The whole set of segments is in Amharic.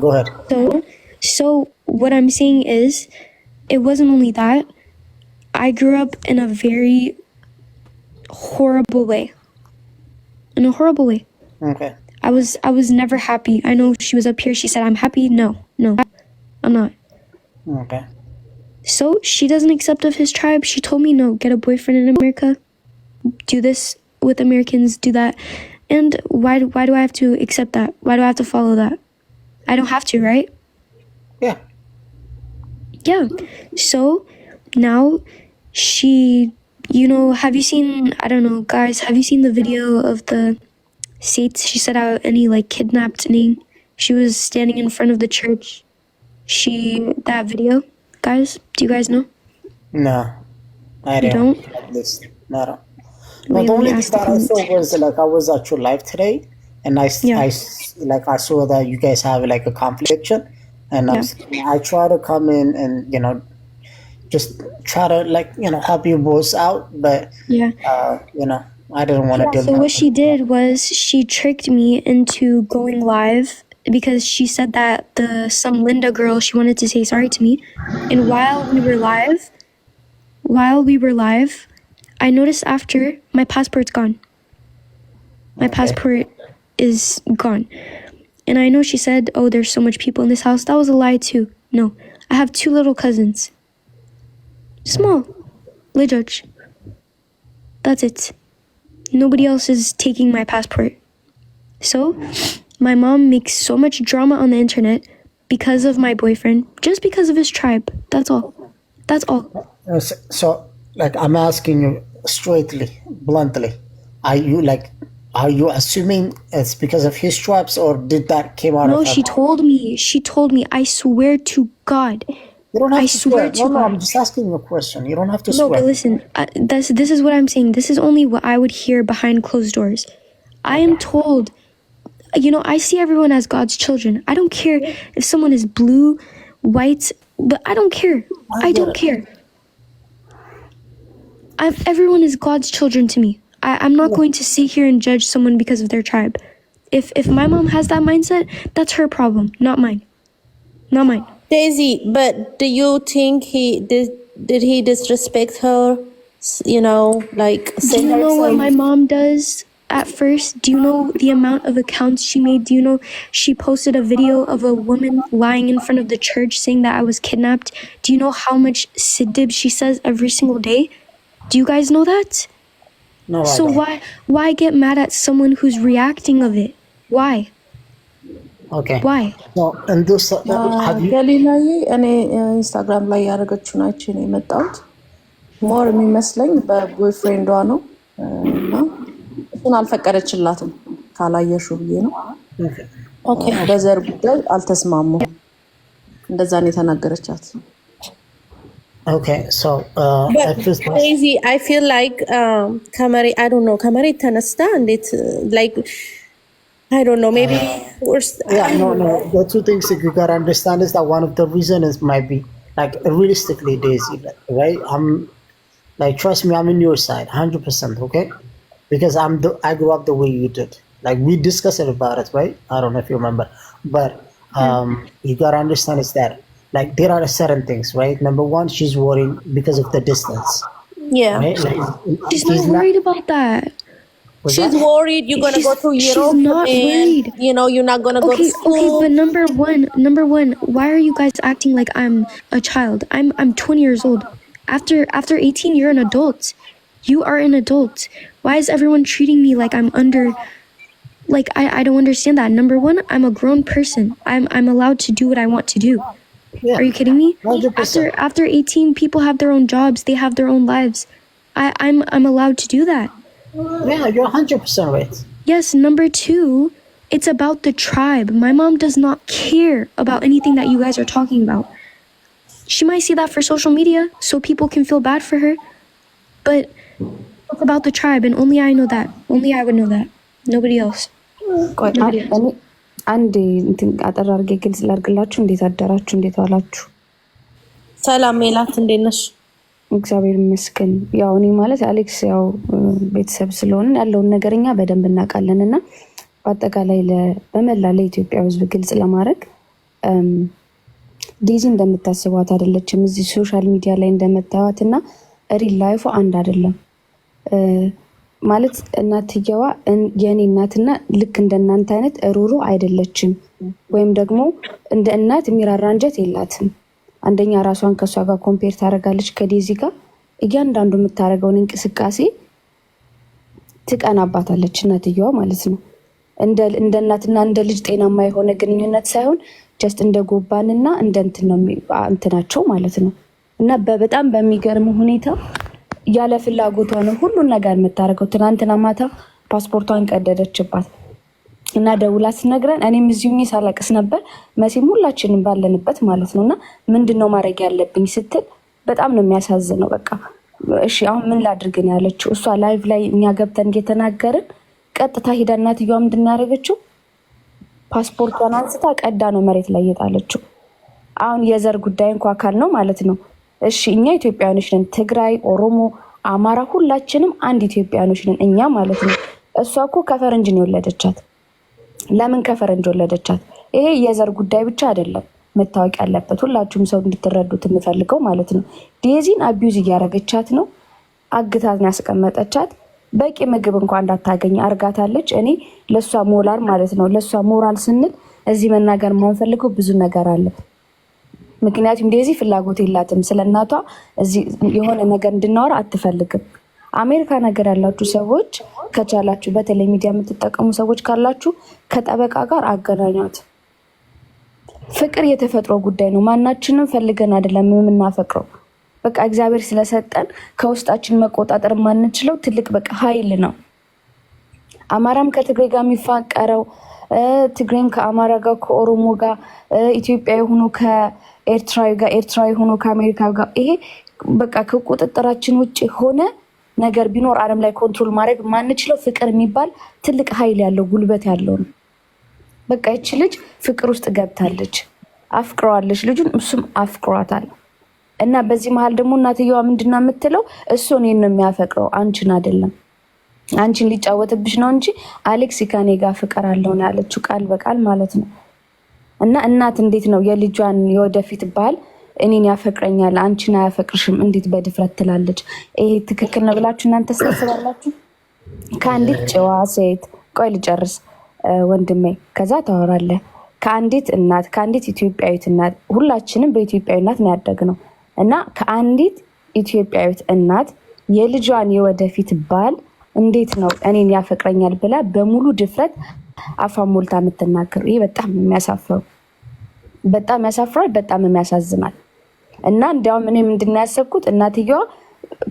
Go ahead. So, so what I'm saying is, it wasn't only that. I grew up in a very horrible way. In a horrible way. Okay. I was I was never happy. I know she was up here. She said I'm happy. No, no, I'm not. Okay. So she doesn't accept of his tribe. She told me no. Get a boyfriend in America. Do this with Americans. Do that. And why why do I have to accept that? Why do I have to follow that? I don't have to, right? Yeah. Yeah. So now she, you know, have you seen, I don't know, guys, have you seen the video of the seats She set out and he like kidnapped Ning. She was standing in front of the church. She, that video, guys, do you guys know? No. I don't. don't? This. No, not Wait, the only thing that I saw was like I was at your live today and I, yeah. I like I saw that you guys have like a confliction, and yeah. i try to come in and you know just try to like you know help you both out, but yeah, uh, you know I didn't want to. Yeah, so what she did was she tricked me into going live because she said that the some Linda girl she wanted to say sorry to me, and while we were live, while we were live, I noticed after my passport's gone. My okay. passport is gone. And I know she said, oh, there's so much people in this house. That was a lie, too. No, I have two little cousins. Small. little judge. That's it. Nobody else is taking my passport. So, my mom makes so much drama on the internet because of my boyfriend, just because of his tribe. That's all. That's all. Uh, so, like, I'm asking you straightly, bluntly. Are you like are you assuming it's because of his stripes or did that came out no, she told me. She told me. I swear to God. You don't have I to swear, swear to no, God. I'm just asking you a question. You don't have to no, swear. No, but listen. Uh, this, this is what I'm saying. This is only what I would hear behind closed doors. I am told, you know, I see everyone as God's children. I don't care if someone is blue, white, but I don't care. I, I don't care. i everyone is God's children to me. I, I'm not going to sit here and judge someone because of their tribe. If if my mom has that mindset, that's her problem, not mine. Not mine. Daisy, but do you think he did did he disrespect her? You know, like Do you know what my mom does? At first, do you know the amount of accounts she made? Do you know she posted a video of a woman lying in front of the church saying that I was kidnapped? Do you know how much sidib she says every single day? Do you guys know that? No, so why why get mad at someone who's reacting of it? Why? Okay. Why? No, and this, uh, uh, have you ከሌላዬ እኔ ኢንስታግራም uh, ላይ ያደረገችው ናቸው ነው የመጣሁት። ሞር የሚመስለኝ በቦይፍሬንዷ ነው እና እሱን አልፈቀደችላትም ካላየሽው ብዬ ነው። ኦኬ። በዘር ጉዳይ አልተስማሙም። እንደዛ ነው የተናገረቻት። Okay, so uh, but at Crazy. I feel like um, Kamari. I don't know. Kamari understand it. like I don't know. Maybe uh, worse. Yeah, no, no. The two things that you gotta understand is that one of the reasons might be like realistically, Daisy. Right? I'm like trust me. I'm in your side, hundred percent. Okay, because I'm the I grew up the way you did. Like we discussed about it, right? I don't know if you remember, but hmm. um, mm-hmm. you gotta understand is that like there are certain things, right? Number one, she's worried because of the distance. Yeah. Right? Like, she's not worried not, about that. She's that? worried you're gonna she's, go to Europe. She's not and, worried. You know, you're not gonna okay, go to school. Okay, but number one, number one, why are you guys acting like I'm a child? I'm I'm 20 years old. After after 18, you're an adult. You are an adult. Why is everyone treating me like I'm under like I, I don't understand that. Number one, I'm a grown person. I'm I'm allowed to do what I want to do. Yeah. Are you kidding me? After after 18, people have their own jobs, they have their own lives. I, I'm I'm allowed to do that. Yeah, you're 100% right. Yes, number two, it's about the tribe. My mom does not care about anything that you guys are talking about. She might see that for social media so people can feel bad for her, but it's about the tribe, and only I know that. Only I would know that. Nobody else. Nobody else. አንድ አጠር አድርጌ ግልጽ ላድርግላችሁ። እንዴት አደራችሁ? እንዴት ዋላችሁ? ሰላም ሜላት፣ እንዴት ነሽ? እግዚአብሔር ይመስገን። ያው እኔ ማለት አሌክስ ያው ቤተሰብ ስለሆነ ያለውን ነገርኛ በደንብ እናውቃለን እና በአጠቃላይ በመላ ለኢትዮጵያ ሕዝብ ግልጽ ለማድረግ ዴዚ እንደምታስቧት አይደለችም። እዚህ ሶሻል ሚዲያ ላይ እንደምታዩት እና ሪል ላይፎ አንድ አይደለም። ማለት እናትየዋ የእኔ እናትና ልክ እንደ እናንተ አይነት ሩሩ አይደለችም፣ ወይም ደግሞ እንደ እናት የሚራራ አንጀት የላትም። አንደኛ ራሷን ከእሷ ጋር ኮምፔር ታደርጋለች ከዴዚ ጋር እያንዳንዱ የምታደርገውን እንቅስቃሴ ትቀናባታለች እናትየዋ ማለት ነው። እንደ እናትና እንደ ልጅ ጤናማ የሆነ ግንኙነት ሳይሆን ጀስት እንደ ጎባንና እንደ እንትን ነው እንትናቸው ማለት ነው እና በጣም በሚገርም ሁኔታ ያለ ፍላጎቷ ነው ሁሉን ነገር የምታደርገው። ትናንትና ማታ ፓስፖርቷን ቀደደችባት እና ደውላ ስነግረን እኔም እዚሁ ሳለቅስ ነበር። መሴም ሁላችንም ባለንበት ማለት ነው። እና ምንድን ነው ማድረግ ያለብኝ ስትል በጣም ነው የሚያሳዝነው። በቃ እሺ አሁን ምን ላድርግን ያለችው እሷ ላይቭ ላይ እኛ ገብተን እየተናገርን ቀጥታ ሂዳ እናትየዋ ምንድን ያደረገችው ፓስፖርቷን አንስታ ቀዳ ነው መሬት ላይ የጣለችው። አሁን የዘር ጉዳይ እንኳ አካል ነው ማለት ነው። እሺ እኛ ኢትዮጵያኖች ነን። ትግራይ፣ ኦሮሞ፣ አማራ ሁላችንም አንድ ኢትዮጵያኖች ነን እኛ ማለት ነው። እሷ እኮ ከፈረንጅ ነው የወለደቻት። ለምን ከፈረንጅ ወለደቻት? ይሄ የዘር ጉዳይ ብቻ አይደለም መታወቅ ያለበት ሁላችሁም ሰው እንድትረዱት የምፈልገው ማለት ነው። ዴዚን አቢዩዝ እያደረገቻት ነው። አግታት ያስቀመጠቻት በቂ ምግብ እንኳን እንዳታገኝ አርጋታለች። እኔ ለእሷ ሞራል ማለት ነው ለእሷ ሞራል ስንል እዚህ መናገር የማንፈልገው ብዙ ነገር አለ። ምክንያቱም ዴዚ ፍላጎት የላትም ስለ እናቷ የሆነ ነገር እንድናወራ አትፈልግም። አሜሪካ ነገር ያላችሁ ሰዎች ከቻላችሁ፣ በተለይ ሚዲያ የምትጠቀሙ ሰዎች ካላችሁ ከጠበቃ ጋር አገናኟት። ፍቅር የተፈጥሮ ጉዳይ ነው። ማናችንም ፈልገን አይደለም የምናፈቅረው። በቃ እግዚአብሔር ስለሰጠን ከውስጣችን መቆጣጠር የማንችለው ትልቅ በቃ ኃይል ነው። አማራም ከትግሬ ጋር የሚፋቀረው ትግሬም ከአማራ ጋር ከኦሮሞ ጋር ኢትዮጵያ የሆኑ ኤርትራዊ ጋር ኤርትራዊ ሆኖ ከአሜሪካ ጋር ይሄ በቃ ከቁጥጥራችን ውጭ ሆነ ነገር ቢኖር ዓለም ላይ ኮንትሮል ማድረግ ማንችለው ፍቅር የሚባል ትልቅ ኃይል ያለው ጉልበት ያለው ነው። በቃ ይች ልጅ ፍቅር ውስጥ ገብታለች፣ አፍቅረዋለች ልጁን፣ እሱም አፍቅሯታል። እና በዚህ መሀል ደግሞ እናትየዋ ምንድና የምትለው እሱ እኔን ነው የሚያፈቅረው አንቺን አይደለም፣ አንቺን ሊጫወትብሽ ነው እንጂ አሌክሲ ከኔ ጋር ፍቅር አለውን ያለችው ቃል በቃል ማለት ነው። እና እናት እንዴት ነው የልጇን የወደፊት ባል እኔን ያፈቅረኛል አንቺን አያፈቅርሽም እንዴት በድፍረት ትላለች? ይሄ ትክክል ነው ብላችሁ እናንተ ስታስባላችሁ? ከአንዲት ጨዋ ሴት ቆይ ልጨርስ ወንድሜ፣ ከዛ ታወራለህ። ከአንዲት እናት ከአንዲት ኢትዮጵያዊት እናት ሁላችንም በኢትዮጵያዊ እናት ነው ያደግነው እና ከአንዲት ኢትዮጵያዊት እናት የልጇን የወደፊት ባል እንዴት ነው እኔን ያፈቅረኛል ብላ በሙሉ ድፍረት አፋ ሞልታ የምትናገሩ ይህ በጣም የሚያሳፈሩ በጣም ያሳፍራል፣ በጣም የሚያሳዝናል። እና እንዲያውም እኔ ምንድን ያሰብኩት እናትየዋ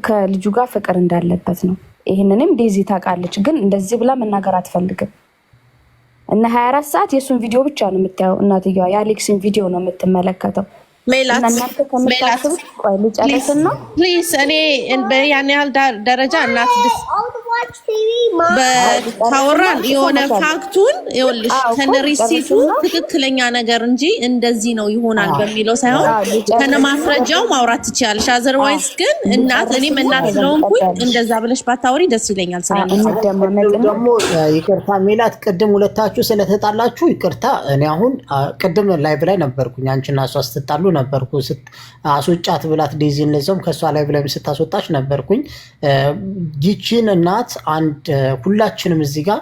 ከልጁ ጋር ፍቅር እንዳለበት ነው። ይህንንም ዴዚ ታውቃለች፣ ግን እንደዚህ ብላ መናገር አትፈልግም። እና 24 ሰዓት የእሱን ቪዲዮ ብቻ ነው የምታየው እናትየዋ፣ የአሌክስን ቪዲዮ ነው የምትመለከተው። ፕሊዝ ያን ያህል ደረጃ እናት ካወራን የሆነ ፋክቱን ይኸውልሽ ከነሪሲቱ ትክክለኛ ነገር እንጂ እንደዚህ ነው ይሆናል በሚለው ሳይሆን ከነማስረጃው ማውራት ትችላለሽ። አዘርዋይዝ ግን እናት እኔም እናት ስለሆንኩኝ እንደዛ ብለሽ ባታወሪ ደስ ይለኛል። ይቅርታ ሜላት፣ ቅድም ሁለታችሁ ስለተጣላችሁ ይቅርታ። እኔ አሁን ቅድም ላይ ላይ ነበርኩኝ አንቺና እሷ ስትጣሉ ነበርኩ። አስወጫት ብላት ዴዚን ለዛውም ከእሷ ላይ ብላይም ስታስወጣች ነበርኩኝ። ይችን እናት አንድ ሁላችንም እዚህ ጋር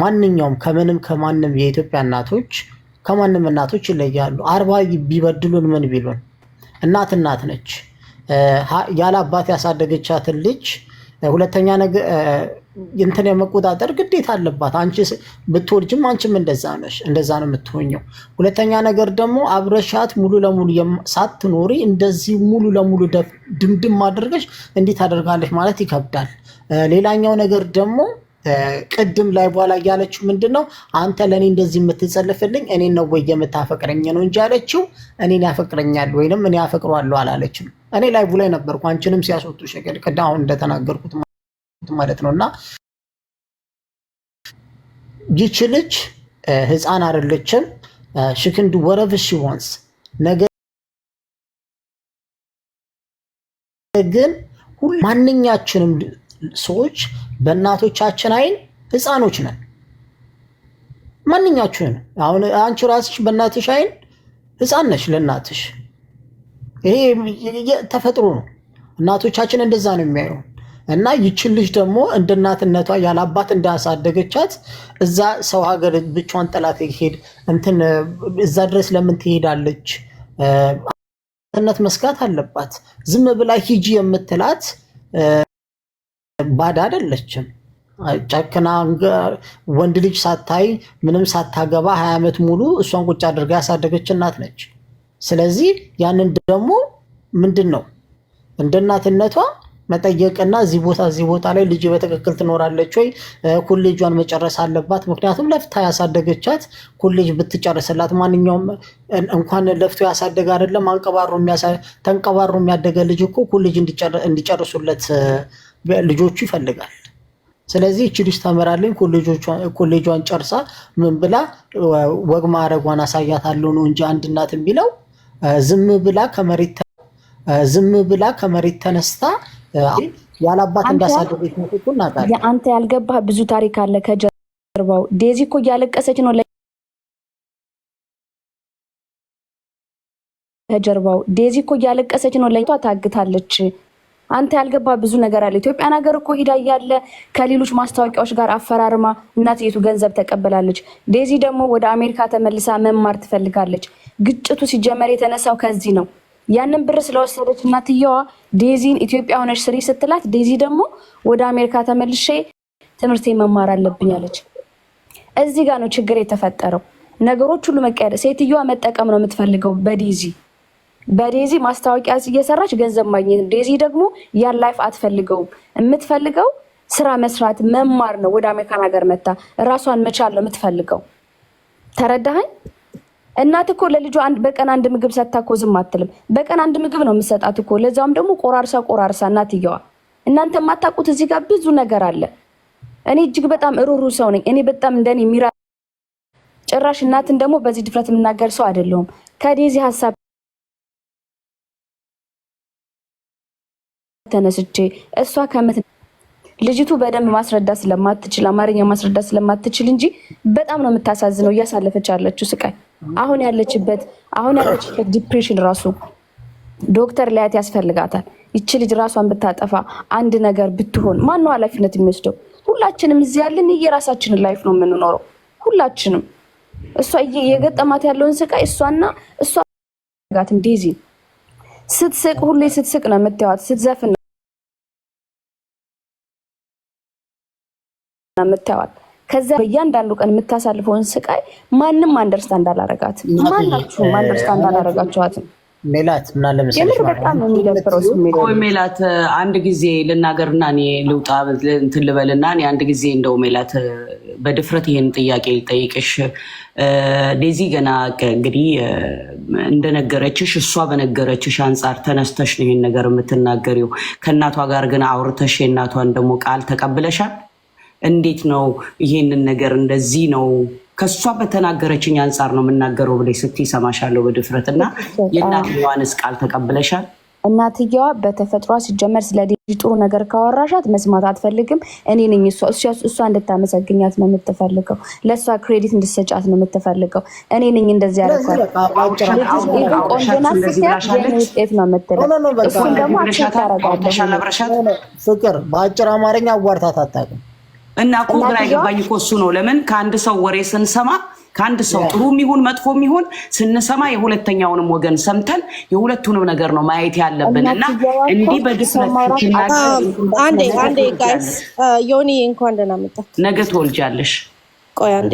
ማንኛውም ከምንም ከማንም የኢትዮጵያ እናቶች ከማንም እናቶች ይለያሉ። አርባ ቢበድሉን ምን ቢሉን እናት እናት ነች። ያለ አባት ያሳደገቻትን ልጅ ሁለተኛ ነገር እንትን የመቆጣጠር ግዴታ አለባት። አንቺ ብትወልጅም አንቺም እንደዛ ነሽ፣ እንደዛ ነው የምትሆኘው። ሁለተኛ ነገር ደግሞ አብረሻት ሙሉ ለሙሉ ሳትኖሪ እንደዚህ ሙሉ ለሙሉ ድምድም አድርገሽ እንዲህ ታደርጋለች ማለት ይከብዳል። ሌላኛው ነገር ደግሞ ቅድም ላይ በኋላ እያለችው ምንድን ነው? አንተ ለእኔ እንደዚህ የምትጸልፍልኝ እኔን ነው ወይ የምታፈቅረኝ ነው እንጂ አለችው እኔን ያፈቅረኛል ወይንም እኔ ያፈቅሯለሁ አላለችም። እኔ ላይ ላይ ነበርኩ አንቺንም ሲያስወጡ ሸገል ቅድም አሁን እንደተናገርኩት ማለት ነው እና ይች ልጅ ህፃን አይደለችም። ሽክንድ ወረቭ ሽወንስ ነገር ግን ማንኛችንም ሰዎች በእናቶቻችን አይን ህፃኖች ነን። ማንኛችሁን አሁን አንቺ ራስሽ በእናትሽ አይን ህፃን ነች ለእናትሽ። ይሄ ተፈጥሮ ነው። እናቶቻችን እንደዛ ነው የሚያዩ እና ይችን ልጅ ደግሞ እንደ እናትነቷ ያለ አባት እንዳሳደገቻት እዛ ሰው ሀገር ብቻዋን ጥላት ሄድ እንትን እዛ ድረስ ለምን ትሄዳለች? እናትነት መስጋት አለባት። ዝም ብላ ሂጂ የምትላት ባዳ አይደለችም። ጨክና ወንድ ልጅ ሳታይ ምንም ሳታገባ ሀያ ዓመት ሙሉ እሷን ቁጭ አድርጋ ያሳደገች እናት ነች። ስለዚህ ያንን ደግሞ ምንድን ነው እንደ እናትነቷ መጠየቅና እዚህ ቦታ እዚህ ቦታ ላይ ልጅ በትክክል ትኖራለች ወይ? ኮሌጇን መጨረስ አለባት። ምክንያቱም ለፍታ ያሳደገቻት ኮሌጅ ብትጨርስላት ማንኛውም እንኳን ለፍቶ ያሳደገ አይደለም አንቀባሮ ተንቀባሮ የሚያደገ ልጅ እኮ ኮሌጅ እንዲጨርሱለት ልጆቹ ይፈልጋል። ስለዚህ እቺ ልጅ ተምራለኝ ኮሌጇን ጨርሳ ምን ብላ ወግ ማዕረጓን አሳያታለሁ ነው እንጂ አንድ እናት የሚለው ዝም ብላ ከመሬት ዝም ብላ ከመሬት ተነስታ ያለአባት እንዳሳደገች ነፍቁ እናውቃለን። አንተ ያልገባ ብዙ ታሪክ አለ ከጀርባው። ዴዚ እኮ እያለቀሰች ነው ከጀርባው ዴዚ እኮ እያለቀሰች ነው። ለቷ ታግታለች። አንተ ያልገባ ብዙ ነገር አለ። ኢትዮጵያን ሀገር እኮ ሂዳ እያለ ከሌሎች ማስታወቂያዎች ጋር አፈራርማ እናትየቱ ገንዘብ ተቀበላለች። ዴዚ ደግሞ ወደ አሜሪካ ተመልሳ መማር ትፈልጋለች። ግጭቱ ሲጀመር የተነሳው ከዚህ ነው። ያንን ብር ስለወሰደች እናትየዋ ዴዚን ኢትዮጵያ ሆነች ስሪ ስትላት፣ ዴዚ ደግሞ ወደ አሜሪካ ተመልሼ ትምህርቴ መማር አለብኝ አለች። እዚህ ጋር ነው ችግር የተፈጠረው። ነገሮች ሁሉ መቀየር፣ ሴትዮዋ መጠቀም ነው የምትፈልገው በዴዚ በዴዚ ማስታወቂያ እየሰራች ገንዘብ ማግኘት። ዴዚ ደግሞ ያን ላይፍ አትፈልገውም። የምትፈልገው ስራ መስራት፣ መማር ነው። ወደ አሜሪካን ሀገር መታ ራሷን መቻል ነው የምትፈልገው። ተረዳኸኝ? እናት እኮ ለልጁ አንድ በቀን አንድ ምግብ ሰጥታ እኮ ዝም አትልም። በቀን አንድ ምግብ ነው የምሰጣት እኮ ለዛውም ደግሞ ቆራርሳ ቆራርሳ እናትየዋ። እናንተ የማታውቁት እዚህ ጋር ብዙ ነገር አለ። እኔ እጅግ በጣም እሩሩ ሰው ነኝ። እኔ በጣም እንደኔ የሚራ ጭራሽ እናትን ደግሞ በዚህ ድፍረት የምናገር ሰው አይደለሁም። ከዴዚ ሀሳብ ተነስቼ እሷ ከምት ልጅቱ በደንብ ማስረዳት ስለማትችል አማርኛ ማስረዳት ስለማትችል እንጂ በጣም ነው የምታሳዝነው እያሳለፈች ያለችው ስቃይ አሁን ያለችበት አሁን ያለችበት ዲፕሬሽን ራሱ ዶክተር ሊያት ያስፈልጋታል። ይቺ ልጅ ራሷን ብታጠፋ አንድ ነገር ብትሆን ነው ኃላፊነት የሚወስደው? ሁላችንም እዚህ ያለን የራሳችንን ላይፍ ነው የምንኖረው። ሁላችንም እሷ የገጠማት ያለውን ስቃይ እሷና እሷ ጋትም ዴዚ ስትስቅ ሁሌ ስትስቅ ነው የምታዩት፣ ስትዘፍን ነው የምታዩት። ከዚያ በእያንዳንዱ ቀን የምታሳልፈውን ስቃይ ማንም አንደርስታንድ አላረጋት። ማናችሁም አንደርስታንድ አላረጋችኋትም። ሜላት ምና ለምሳሌ በጣም የሚደብረው ስሜት ሜላት አንድ ጊዜ ልናገርና እኔ ልውጣ እንትን ልበልና እኔ አንድ ጊዜ እንደው ሜላት በድፍረት ይህን ጥያቄ ልጠይቅሽ። ዴዚ ገና እንግዲህ እንደነገረችሽ እሷ በነገረችሽ አንጻር ተነስተሽ ነው ይህን ነገር የምትናገሪው። ከእናቷ ጋር ግን አውርተሽ የእናቷን ደግሞ ቃል ተቀብለሻል? እንዴት ነው ይህንን ነገር እንደዚህ ነው ከእሷ በተናገረችኝ አንጻር ነው የምናገረው ብለሽ ስትይ እሰማሻለሁ በድፍረት እና የእናትየዋንስ ቃል ተቀብለሻል? እናትየዋ በተፈጥሯ ሲጀመር ስለ ልጅ ጥሩ ነገር ካወራሻት መስማት አትፈልግም። እኔ ነኝ እሷ እንድታመሰግኛት ነው የምትፈልገው። ለእሷ ክሬዲት እንድሰጫት ነው የምትፈልገው። እኔ ነኝ እንደዚህ ያደረኳት ቆንጆና ውጤት ነው የምትለው። እሱን ደግሞ ፍቅር በአጭር አማርኛ አዋርታት አታውቅም እና እኮ ግራ የገባኝ እኮ እሱ ነው። ለምን ከአንድ ሰው ወሬ ስንሰማ ከአንድ ሰው ጥሩ የሚሆን መጥፎ የሚሆን ስንሰማ የሁለተኛውንም ወገን ሰምተን የሁለቱንም ነገር ነው ማየት ያለብን። እና እንዲህ በድፍረት ስትናገር ዮኒ እንኳን ደህና መጣ ነገ ትወልጃለሽ። ቆይ አንዴ